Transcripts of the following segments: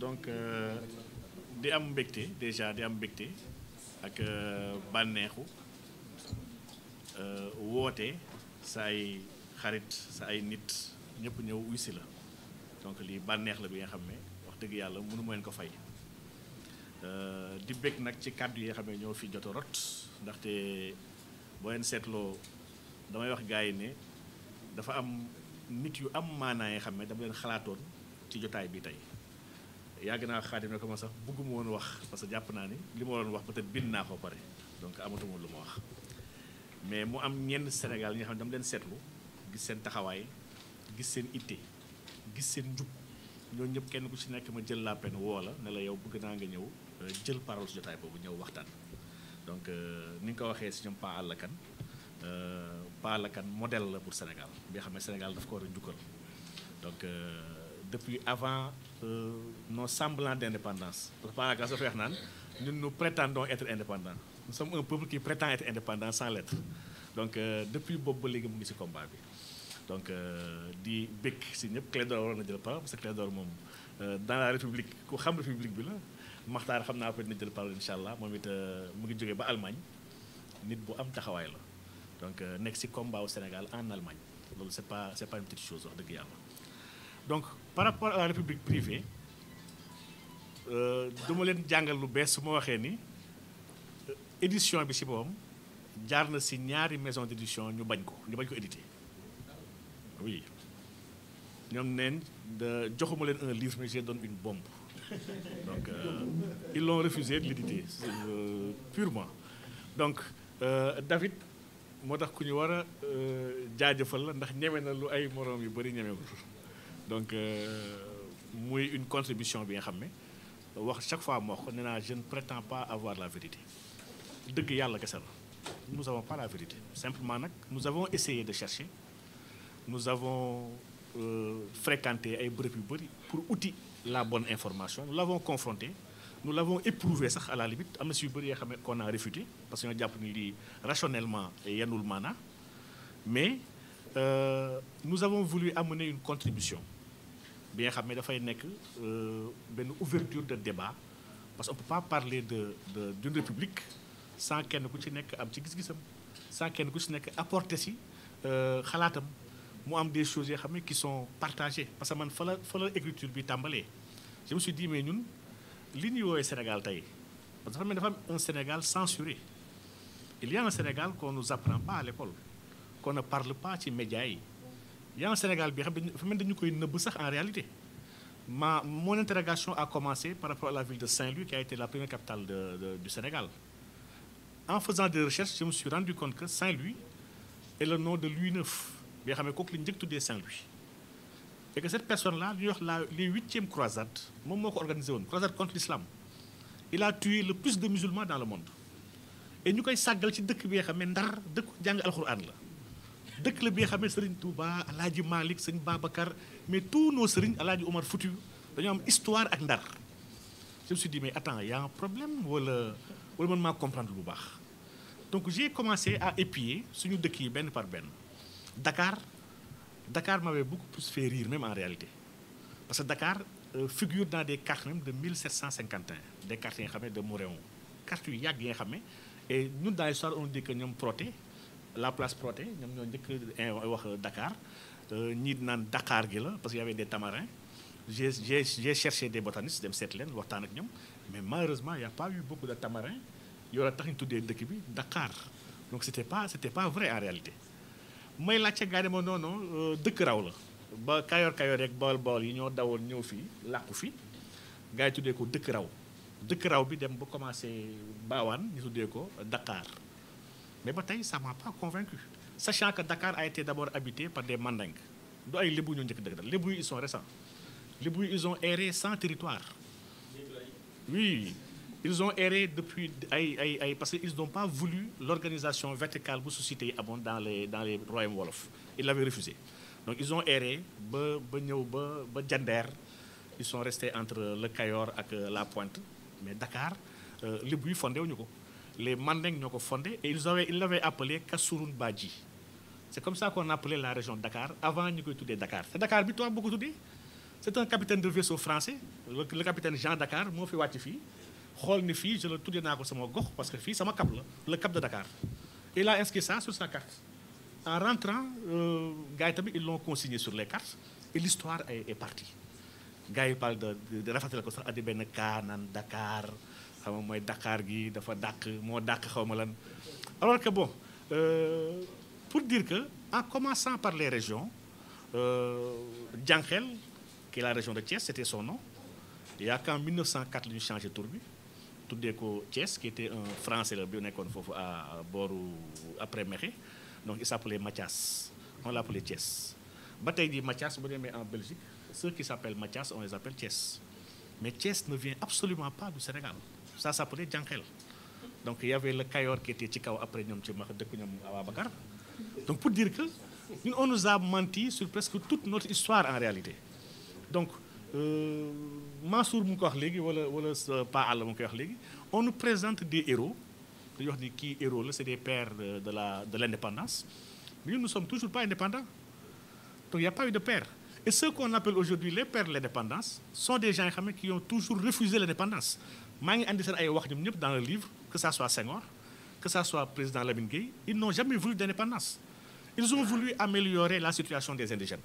donc euh, di am mbégte déjà di am mbégte ak euh, bànneexu euh, woote sa ay xarit sa ay nit ñëpp ñëw uy si la donc lii bànneex la bi nga xam ne wax dëgg yàlla mënu ma ko fay di bég nag ci kàddu yi nga xam ne ñoo fi jot a rot ndaxte boo leen seetloo damay wax gars ne dafa am nit yu am maanaa yi xam ne dama leen xalaatoon ci jotaay bi tey yàgg naa xaadim ne ko ma sax bëgguma woon wax parce que jàpp naa ni li ma waroon wax peut-être bind naa ko pare donc amatuma lu ma wax mais mu am ñenn Sénégal yi nga xam ne dama leen seetlu gis seen taxawaay gis seen itte gis seen njub ñooñu ñëpp kenn ku ci nekk ma jël la peine woo la ne la yow bëgg naa nga ñëw euh, jël parole su jotaay boobu ñëw waxtaan donc euh, ni nga ko waxee si ñoom Pa Alla Kane euh, Pa Alla Kane modèle la pour Sénégal bi nga xam ne Sénégal daf ko war a njukkal depuis avant euh, nos semblants d'indépendance. Parce que par la grâce de Fernand, nous, nous prétendons être indépendants. un peuple qui prétend être indépendant sans l'être. Donc, euh, depuis léegi mu ngi sommes combat. Donc, euh, di Bec, si une clé d'or, on a dit le parole, parce que clé d'or, euh, dans la République, ku xam République bi la, Makhtar xam naa ko na jël parole incha allah moom it euh, mu ngi jógee ba Allemagne nit bu am taxawaay la donc euh, nekk si combat Sénégal en Allemagne loolu c'est pas c'est pas une dëgg yàlla par rapport à la république privée euh, duma leen jàngal lu bees su ma waxee ni euh, édition bi si boppam jaar na si ñaari maison d' édition ñu bañ ko ñu bañ ko édité oui ñoom neen joxuma leen un livre mais doon donne une bombe donc euh, ils l'ont refusé de l'éditer euh, purement donc euh, David moo tax ku ñu war a jaajëfal la ndax ñeme na lu ay moroom yu bëri ñemewul donc euh, muy une contribution bi nga xam ne wax chaque fois moo ko nee naa je ne pas avoir la vérité dëgg yàlla kese la nous avons pas la vérité simplement nag nous avons essayé de chercher nous avons euh, fréquenté ay bërëb yu bëri pour outil la bonne information nous l'avons confronté nous l'avons éprouvé sax à la limite am na si yu bëri yoo xam ne qu'on a réfuté parce que ñoo jàpp ni lii rationnellement yenul maana mais euh, nous avons voulu amener une contribution bi nga xam ne dafay nekk euh, benn ouverture de débat parce que on peut pas parler de de d'une république sans kenn ku ci nekk am ci gis-gisam sans kenn ku ci nekk apporte si euh, xalaatam mu am des choses yoo xam ne qui sont partagées parce que man fa la fa la écriture bi tàmbalee je me suis ñun li ñuy woowee Sénégal tey parce que dafa am un Sénégal censuré il y a Sénégal kon nous apprend pas à l'école qu'on ne parle pas ci médias yi yaa Sénégal bi xam dañu dafa mel dañu koy nëbb sax en réalité ma mon interrogation a commencé par rapport à la ville de Saint-Louis qui a été la première capitale du Sénégal en faisant des recherches je me suis rendu compte que Saint-Louis est le nom de Louis IX bi xam ne kooku li ñu tuddee Saint-Louis et que cette personne la li ñuy wax la les huitième croisade moom moo ko organisé woon croisade contre l'islam il a tué le plus de musulmans dans le monde et ñu koy sàggal ci dëkk bi nga xam ne Ndar dëkk jàng alxuraan la dëkk la bi nga xam ne Serigne Touba El Hadj Malick sëñ Babacar mais tous nos Serigne El Hadj Omar Fouti dañoo am histoire ak ndar je me di dit mais attends y a un problème wala wala man maa comprendre bu baax donc j'ai commencé à épier suñu dëkk yi benn par benn Dakar Dakar m'avait beaucoup plus fait rire même en réalité parce que Dakar euh, figure dans des cartes même de 1751 des cartes yi nga xam de Mauréon cartes yu yàgg yi nga xam ne et ñun dans l'histoire on dit ñoom proté la place Protet ñoom ñoo njëkk wax Dakar euh, ñii naan Dakar gi la parce que y avait des tamarins j'ai j'ai j'ai cherché des botanistes dem seet leen waxtaan ak ñoom mais malheureusement y a pas eu beaucoup de tamarins yoo la tax ñu tuddee dëkk bi Dakar donc c'était pas c'était pas vrai en réalité may laajte gaa yi ma non non euh, dëkk raw la ba Kayoor Kayoor rek Bawol Bawol yi ñoo dawoon ñëw fii làqu fi gaa yi tuddee ko dëkk raw dëkk raw bi dem bu commencé baawaan ñu tuddee ko Dakar mais ba tey ça m'a pas convaincu sachant que Dakar a été d'abord habité par des mandingues du ay lébu ñu njëkk dëgg dal lébu yi ils sont récents lébu yi ils ont erré sans territoire oui ils ont erré depuis ay ay ay parce que ils n'ont pas voulu l'organisation verticale bu société yi amoon dans les dans les royaumes wolof ils l'avaient refusé donc ils ont erré ba ba ñëw ba ba Jandeer ils sont restés entre le Cayor ak euh, la Pointe mais Dakar euh, lébu yi fondé wuñu ko les Manding ñoo ko fonde et ils avaient ils l'avaient appelé Kassurun Badji c'est comme ça qu'on appelait la région de Dakar avant ñu koy tuddee Dakar te Dakar bi tubaab bu ko tuddee c'est un capitaine de français le capitaine Jean Dakar moo fi wàcc fii xool ni fii je le tuddee naa ko sama gox parce que fii sama cap la le cap de Dakar il a inscrit ça sur sa carte en rentrant euh, gars yi tamit ils l'ont consigné sur les cartes et l'histoire est, partie gars yi ko sax adi benn kaa naan Dakar xam mooy Dakar gi dafa dàq moo dàq xaw ma lan alors que bon euh, pour dire que en commençant par les régions euh, Diankhel euh, qui la région de Thiès c'était son nom il y a qu'en 1904 la ñu changé tur bi tuddee ko Thiès qui était un français la bi nekkoon foofu à booru après Mékhé donc il s'appelait Mathias on l'appelait Thiès ba tey jii Mathias bu demee en Belgique ceux qui s'appellent Mathias on les appelle Thiès mais Thiès ne vient absolument pas du Sénégal ça s'appelait Janxel donc il y avait le Kayor ci kaw après ñoom ci max dëkk ñoom Ababacar donc pour dire que ñun on nous a menti sur presque toute notre histoire en réalité donc euh, Mansour mu ko wax léegi wala wala Pa Alla mu koy wax léegi on nous présente des héros dañuy wax ni kii héros la c'est des pères de la de l'indépendance mais ñun nous sommes toujours pas indépendants donc il y a pas eu de père et ceux qu'on appelle aujourd'hui les pères de l'indépendance xam ne qui ont toujours refusé l'indépendance maa ngi andi seen ay wax ñoom ñëpp dans le livre que ça soit Senghor que ça soit président Lamine Gueye ils n'ont jamais voulu d'indépendance ils ont voulu améliorer la situation des indigènes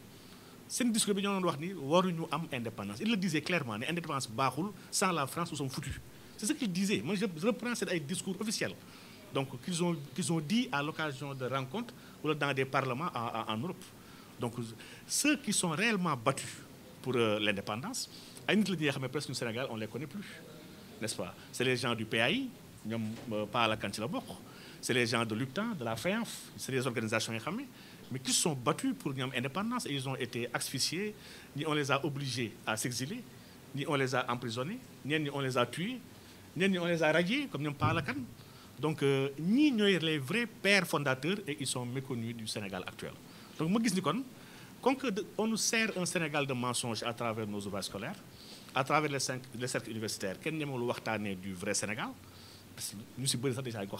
seen discours bi ñoo doon wax ni waruñu am indépendance il le disait clairement ne indépendance baaxul sans la France nous sommes foutus c'est ce qu'il disait moi je reprends seen ay discours officiels donc qu'ils ont dit à l'occasion de rencontres wala dans des parlements en, en, en Europe donc ceux qui pour euh, l'indépendance xam ne presque Sénégal on les n'est-ce pas c'est les gens du PAI ñoom euh, Paalakan ci la bokk c'est les gens de l'UPTA de la FEANF c'est les organisations yi xam ne mais qui se sont battus pour ñu am indépendance et ils ont été asphyxiés ñi on les a obligés à s'exiler ñi on les a emprisonnés ñenn ñi on les a tués ñenn ñi on les a radiés comme ñoom Paalakan donc euh, ñii ñooy les vrais pères fondateurs et ils sont méconnus du Sénégal actuel donc ma gis ni kon comme que on nous sert un Sénégal à travers nos ouvrages scolaires à travers les cinq les cercles universitaires kenn lu waxtaanee du vrai Sénégal parce que ñu si bëri sax déjà ñu ko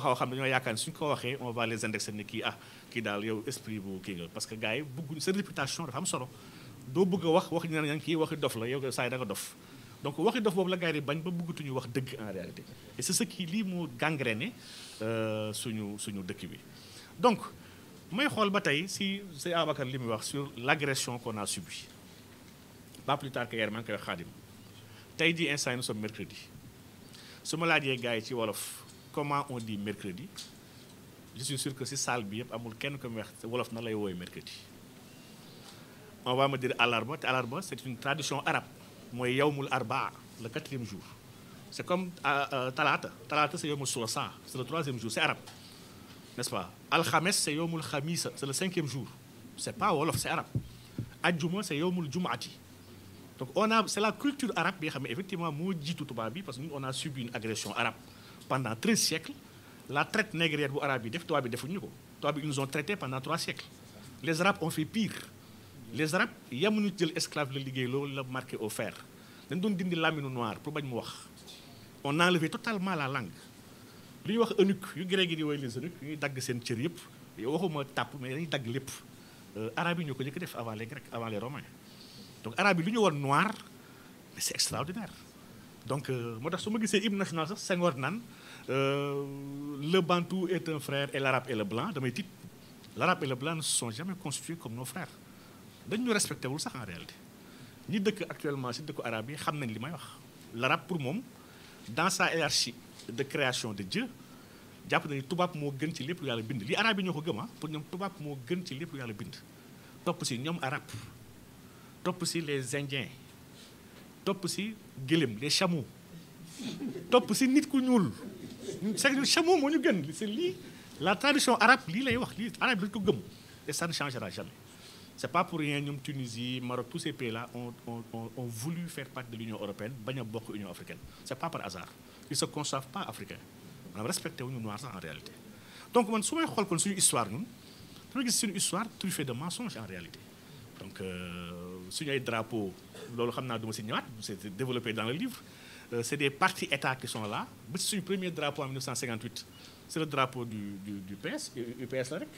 xaw a xam dañoo yaakaar ne ko waxee on va les indexer ne kii ah kii daal yow esprit bu kii nga parce que gars yi bëgguñ seen réputation dafa am solo doo bëgg wax wax ñu ne kii waxi dof la yow saa yi dof donc waxi dof boobu la gars yi bañ ba bëggatuñu wax dëgg en réalité et c'est ce qui lii moo gangréné euh, suñu suñu dëkk bi donc may xool ba tey si c'est Ababacar li muy wax sur l'agression qu'on a subie pas plus tard que hier maa koy wax tey di instant nous sommes mercredi su ma laajee gars ci wolof comment on dit mercredi je suis sûr que si salle bi yëpp amul kenn ko wax wolof na lay woowee mercredi on va me dire alarba te alarba c'est une tradition arabe mooy yawmul arbaa le quatrième jour c'est comme euh, euh, talaata talaata c'est yawmul sulaasa c'est le troisième jour c'est arabe n'est-ce pas alxames c'est jour c'est pas wolof c'est arabe ajjuma c'est yawmul jumaati donc on a c'est la culture arabe bi nga xam ne effectivement moo jiitu tubaab bi parce que ñun on a subi une agression arabe pendant 13 siècles la traite négrière bu arabe yi def tubaab bi defuñu ko tubaab bi ils nous ont traité pendant 3 siècles les arabes ont fait pire les arabes yemuñu jël esclave la liggéey loolu la marqué au fer dañ doon dindi lamine noir pour bañ mu wax on a enlevé totalement la langue luy ñuy wax eunuque yu grec yi di woy les eunuques yu ñuy dagg seen cër yëpp waxuma tàpp mais dañuy dagg lépp euh, arabes yi ñoo ko njëkk def avant les grecs avant les donc arabe yi lu ñu woon noir mais c'est extraordinaire donc euh, moo tax su ma gisee hymne national sax Senghor naan euh, le bantou est un frère et l'arabe est le blanc damay tiit l'arabe et le blanc ne se sont jamais constitués comme no frères dañ ñu respecté wul sax en réalité ñi dëkk actuellement si dëkku arabe yi xam nañ li may wax l'arabe pour moom dans sa hiérarchie de création de Dieu jàpp na ni tubaab moo gën ci lépp lu yàlla bind li arabe yi ñoo ko gëm ah, pour ñoom tubaab moo gën ci lépp lu bind topp si ñoom arabe topp si les indiens topp si gëlëm les chameaux topp si nit ku ñuul c'est que chameau moo ñu gën c'est lii la tradition arab lii lay wax lii arabe la ko gëm et ça ne a jamais c'est pas pour rien ñoom Tunisie Maroc tous ces pays là ont ont ont, ont voulu faire partie de l'Union européenne bañ a bokk Union africaine c'est pas par hasard ils se conçoivent pas africains maanaam respecté wuñu noir sax en réalité donc man su may xool kon suñu histoire ñun dama gis suñu histoire de mensonges suñu ay drapeau loolu xam naa du ma si ñëwaat c'est dans le livre euh, c'est des partis états qui sont là ba si suñu premier drapeau en c'est le drapeau du du du PS UPS la rek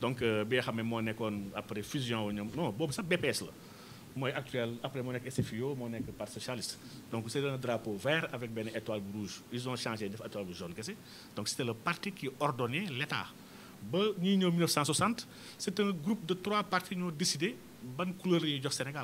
donc euh, bi nga xam ne moo nekkoon après fusion ñoom non boobu sax BPS la mooy actuel après moo nekk SFIO moo nekk parti socialiste donc c'est un drapeau vert avec benn étoile bu rouge ils ont changé def étoile bu jaune kese donc c'était le parti qui ordonnait l'État ba ñuy ñëw 1960 c'est un groupe de trois partis ñoo ban couleur la ñuy jox Sénégal